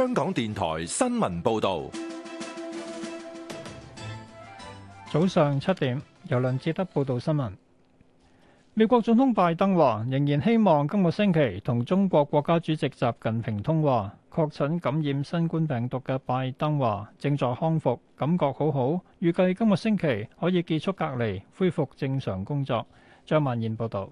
香港電台新聞報道，早上七點，由梁志德報道新聞。美國總統拜登話仍然希望今個星期同中國國家主席習近平通話。確診感染新冠病毒嘅拜登話正在康復，感覺好好，預計今個星期可以結束隔離，恢復正常工作。張曼燕報道。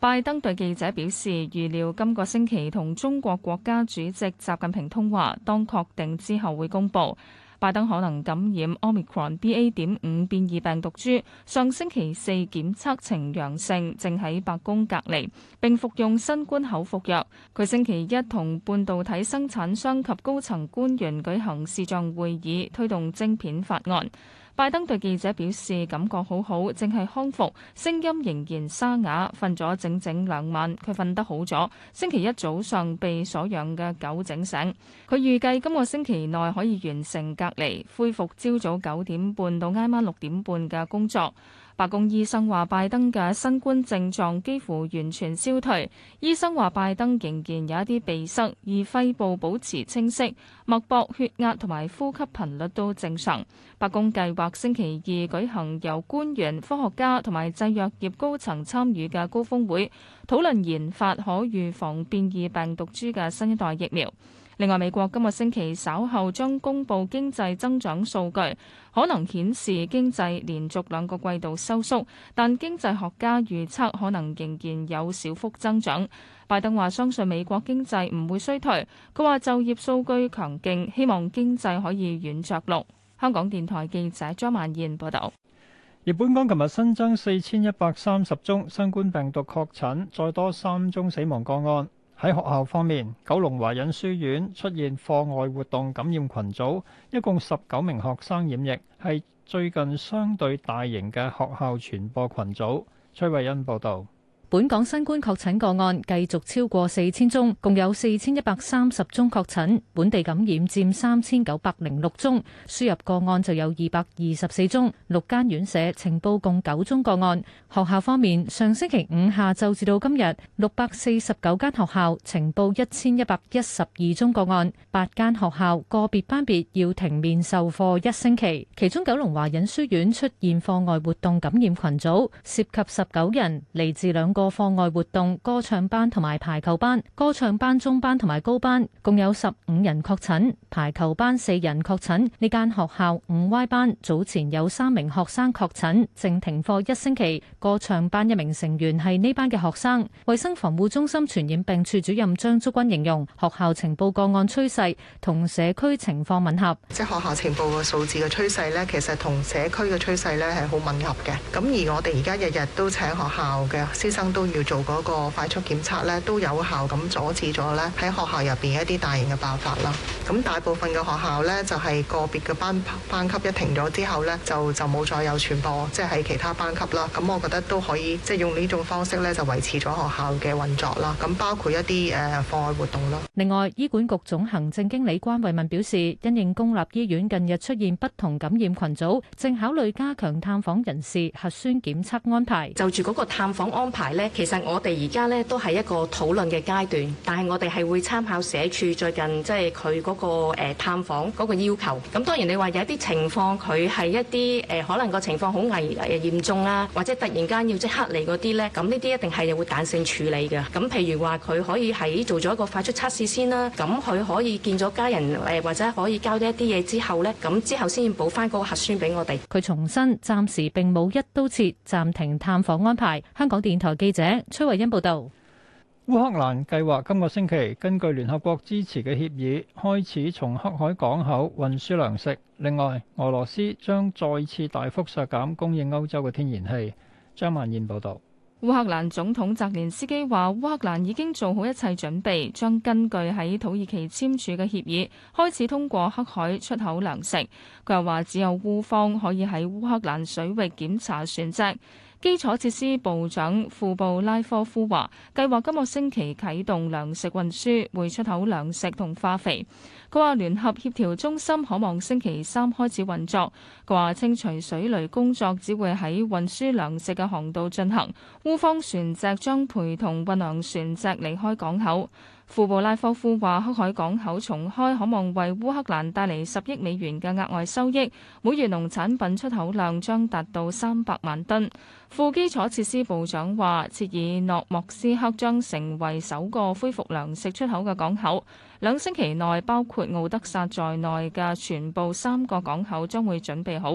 拜登對記者表示，預料今個星期同中國國家主席習近平通話，當確定之後會公布。拜登可能感染 Omicron BA. 點五變異病毒株，上星期四檢測呈陽性，正喺白宮隔離，並服用新冠口服藥。佢星期一同半導體生產商及高層官員舉行視像會議，推動晶片法案。拜登對記者表示：感覺好好，淨係康復，聲音仍然沙啞。瞓咗整整兩晚，佢瞓得好咗。星期一早上被所養嘅狗整醒。佢預計今個星期內可以完成隔離，恢復朝早九點半到挨晚六點半嘅工作。白宮醫生話，拜登嘅新冠症狀幾乎完全消退。醫生話，拜登仍然有一啲鼻塞，而肺部保持清晰。脈搏、血壓同埋呼吸頻率都正常。白宮計劃星期二舉行由官員、科學家同埋製藥業高層參與嘅高峰會，討論研發可預防變異病毒株嘅新一代疫苗。另外，美國今個星期稍後將公佈經濟增長數據，可能顯示經濟連續兩個季度收縮，但經濟學家預測可能仍然有小幅增長。拜登話相信美國經濟唔會衰退，佢話就業數據強勁，希望經濟可以軟着陸。香港電台記者張萬燕報道。而本港琴日新增四千一百三十宗新冠病毒確診，再多三宗死亡個案。喺學校方面，九龍華仁書院出現課外活動感染群組，一共十九名學生染疫，係最近相對大型嘅學校傳播群組。崔慧欣報導。本港新冠確診個案繼續超過四千宗，共有四千一百三十宗確診，本地感染佔三千九百零六宗，輸入個案就有二百二十四宗。六間院舍呈報共九宗個案。學校方面，上星期五下晝至到今日，六百四十九間學校呈報一千一百一十二宗個案，八間學校個別班別要停面授課一星期。其中九龍華仁書院出現課外活動感染群組，涉及十九人，嚟自兩。個課外活動歌唱班同埋排球班，歌唱班中班同埋高班共有十五人確診，排球班四人確診。呢間學校五 Y 班早前有三名學生確診，正停課一星期。歌唱班一名成員係呢班嘅學生。衛生防護中心傳染病處主任張竹君形容學校情報個案趨勢同社區情況吻合，即係學校情報嘅數字嘅趨勢呢，其實同社區嘅趨勢呢係好吻合嘅。咁而我哋而家日日都請學校嘅師生。都要做嗰個快速檢測咧，都有效咁阻止咗咧喺學校入邊一啲大型嘅爆發啦。咁大部分嘅學校呢，就係個別嘅班班級，一停咗之後呢，就就冇再有傳播，即係喺其他班級啦。咁我覺得都可以即係用呢種方式呢，就維持咗學校嘅運作啦。咁包括一啲誒課外活動啦。另外，醫管局總行政經理關慧文表示，因應公立醫院近日出現不同感染群組，正考慮加強探訪人士核酸檢測安排。就住嗰個探訪安排。咧，其實我哋而家咧都係一個討論嘅階段，但係我哋係會參考社署最近即係佢嗰個探訪嗰個要求。咁當然你話有一啲情況佢係一啲誒可能個情況好危誒嚴重啦，啊，或者突然間要即刻嚟嗰啲咧，咁呢啲一定係會彈性處理嘅。咁譬如話佢可以喺做咗一個快速測試先啦，咁佢可以見咗家人誒，或者可以交啲一啲嘢之後咧，咁之後先至補翻嗰個核酸俾我哋。佢重申暫時並冇一刀切暫停探訪安排。香港電台記。記者崔慧欣報道，烏克蘭計劃今個星期根據聯合國支持嘅協議，開始從黑海港口運輸糧食。另外，俄羅斯將再次大幅削減供應歐洲嘅天然氣。張曼燕報道，烏克蘭總統澤連斯基話，烏克蘭已經做好一切準備，將根據喺土耳其簽署嘅協議，開始通過黑海出口糧食。佢又話，只有烏方可以喺烏克蘭水域檢查船隻。基礎設施部長庫布拉科夫話，計劃今個星期啟動糧食運輸，會出口糧食同化肥。佢話聯合協調中心可望星期三開始運作。佢話，清除水雷工作只會喺運輸糧食嘅航道進行，烏方船隻將陪同運糧船隻離開港口。庫布拉科夫話，黑海港口重開可望為烏克蘭帶嚟十億美元嘅額外收益，每月農產品出口量將達到三百萬噸。副基礎設施部長話：切爾諾莫斯克將成為首個恢復糧食出口嘅港口。兩星期內，包括敖德薩在內嘅全部三個港口將會準備好。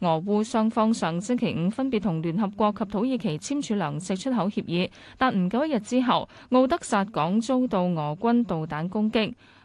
俄烏雙方上星期五分別同聯合國及土耳其簽署糧食出口協議，但唔夠一日之後，敖德薩港遭到俄軍導彈攻擊。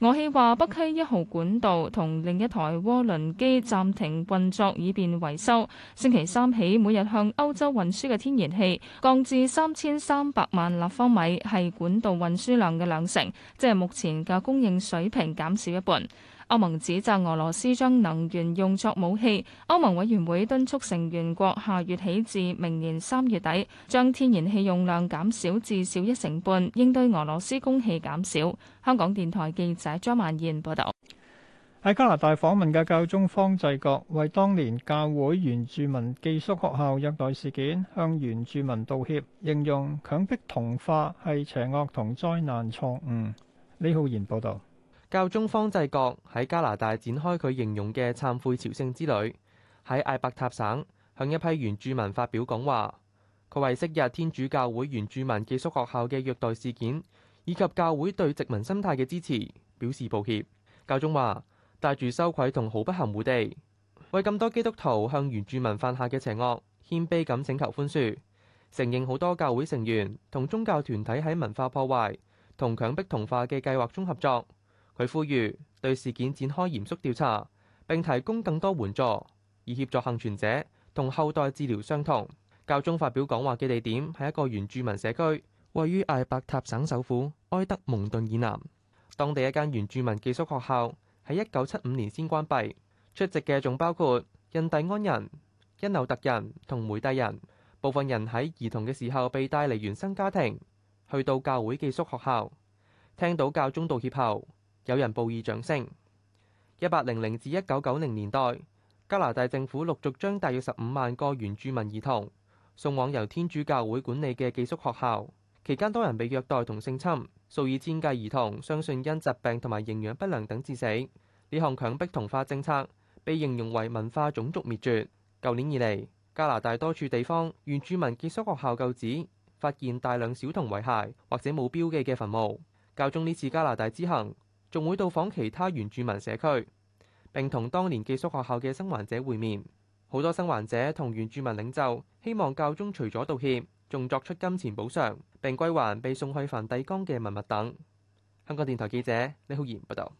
俄氣話北溪一號管道同另一台渦輪機暫停運作，以便維修。星期三起，每日向歐洲運輸嘅天然氣降至三千三百萬立方米，係管道運輸量嘅兩成，即係目前嘅供應水平減少一半。歐盟指責俄羅斯將能源用作武器。歐盟委員會敦促成員國下月起至明年三月底，將天然氣用量減少至少一成半，應對俄羅斯供氣減少。香港電台記者張曼燕報道。喺加拿大訪問嘅教宗方濟各，為當年教會原住民寄宿學校虐待事件向原住民道歉，形容強迫同化係邪惡同災難錯誤。李浩然報道。教宗方濟各喺加拿大展開佢形容嘅懺悔朝聖之旅，喺艾伯塔省向一批原住民發表講話。佢為昔日天主教會原住民寄宿學校嘅虐待事件以及教會對殖民心態嘅支持表示抱歉。教宗話，帶住羞愧同毫不含糊地為咁多基督徒向原住民犯下嘅邪惡謙卑咁請求寬恕，承認好多教會成員同宗教團體喺文化破壞同強迫同化嘅計劃中合作。佢呼籲對事件展開嚴肅調查，並提供更多援助，以協助幸存者同後代治療傷痛。教宗發表講話嘅地點係一個原住民社區，位於艾伯塔省首府埃德蒙頓以南。當地一間原住民寄宿學校喺一九七五年先關閉。出席嘅仲包括印第安人、因紐特人同梅蒂人。部分人喺兒童嘅時候被帶離原生家庭，去到教會寄宿學校，聽到教宗道歉後。有人報以掌聲。一八零零至一九九零年代，加拿大政府陸續將大約十五萬個原住民兒童送往由天主教會管理嘅寄宿學校，期間多人被虐待同性侵，數以千計兒童相信因疾病同埋營養不良等致死。呢項強迫同化政策被形容為文化種族滅絕。舊年以嚟，加拿大多處地方原住民寄宿學校舊址發現大量小童遺骸或者冇標記嘅墳墓。教宗呢次加拿大之行。仲會到訪其他原住民社區，並同當年寄宿學校嘅生還者會面。好多生還者同原住民領袖希望教宗除咗道歉，仲作出金錢補償並歸還被送去梵蒂岡嘅文物等。香港電台記者李浩然報道。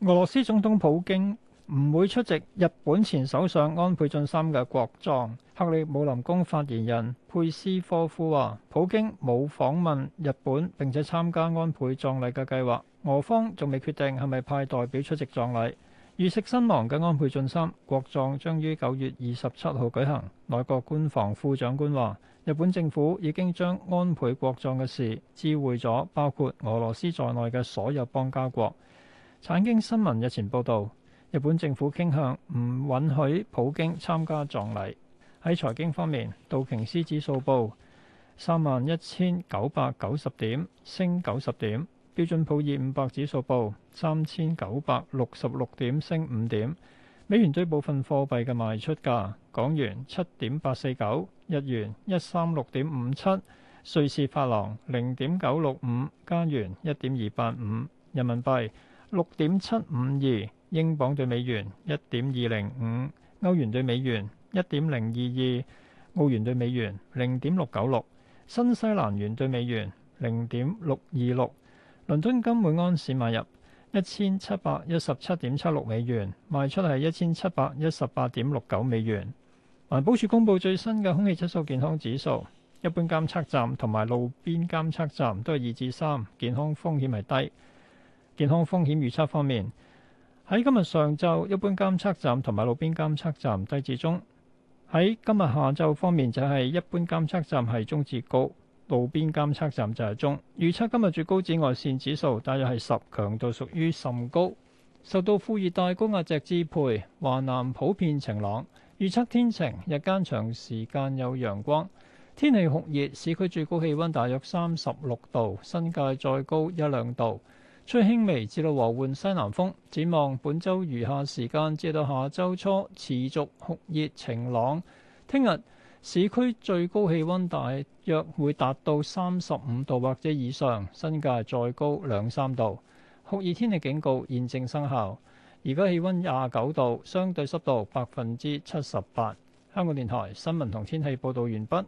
俄羅斯總統普京唔會出席日本前首相安倍晉三嘅國葬。克里姆林宮發言人佩斯科夫話，普京冇訪問日本並且參加安倍葬禮嘅計劃。俄方仲未決定係咪派代表出席葬禮。遇刺身亡嘅安倍晉三國葬將於九月二十七號舉行。內閣官房副長官話：日本政府已經將安倍國葬嘅事知會咗，包括俄羅斯在內嘅所有邦交國。產經新聞日前報導，日本政府傾向唔允許普京參加葬禮。喺財經方面，道瓊斯指數報三萬一千九百九十點，升九十點。標準普爾五百指數報三千九百六十六點，升五點。美元對部分貨幣嘅賣出價：港元七點八四九，日元一三六點五七，瑞士法郎零點九六五，加元一點二八五，人民幣六點七五二，英鎊對美元一點二零五，歐元對美元一點零二二，澳元對美元零點六九六，新西蘭元對美元零點六二六。倫敦金每安士買入一千七百一十七點七六美元，賣出係一千七百一十八點六九美元。環保署公布最新嘅空氣質素健康指數，一般監測站同埋路邊監測站都係二至三，健康風險係低。健康風險預測方面，喺今日上晝，一般監測站同埋路邊監測站低至中；喺今日下晝方面就係一般監測站係中至高。路邊監測站就係中，預測今日最高紫外線指數大約係十，強度屬於甚高。受到副熱帶高壓脊支配，華南普遍晴朗，預測天晴，日間長時間有陽光，天氣酷熱，市區最高氣溫大約三十六度，新界再高一兩度，吹輕微至到和緩西南風。展望本周餘下時間至到下周初持續酷熱晴朗，聽日。市區最高氣温大約會達到三十五度或者以上，新界再高兩三度。酷熱天氣警告現正生效。而家氣温廿九度，相對濕度百分之七十八。香港電台新聞同天氣報導完畢。